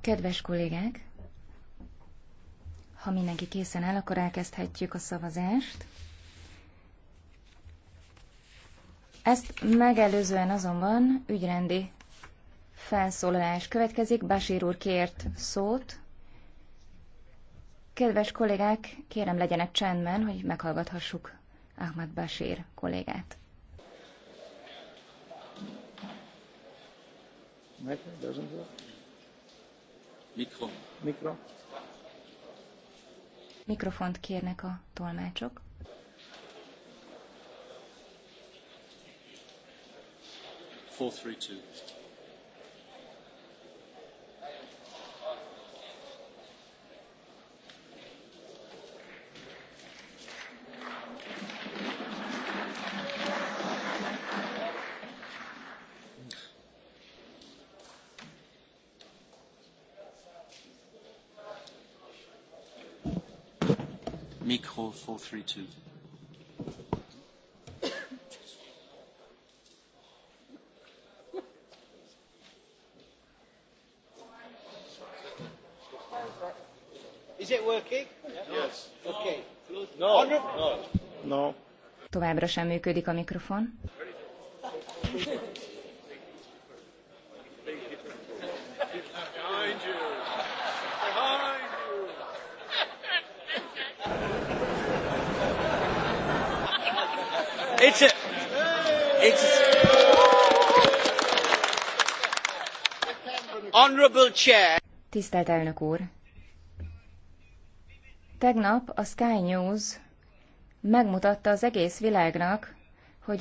Kedves kollégák, ha mindenki készen áll, akkor elkezdhetjük a szavazást. Ezt megelőzően azonban ügyrendi felszólalás következik. Basír úr kért szót. Kedves kollégák, kérem legyenek csendben, hogy meghallgathassuk Ahmad Basír kollégát. Mikro. Mikro. Mikrofont kérnek a tolmácsok. Four, three, two. Továbbra sem működik a mikrofon. It's a, it's a, honorable chair. Tisztelt elnök úr! Tegnap a Sky News megmutatta az egész világnak,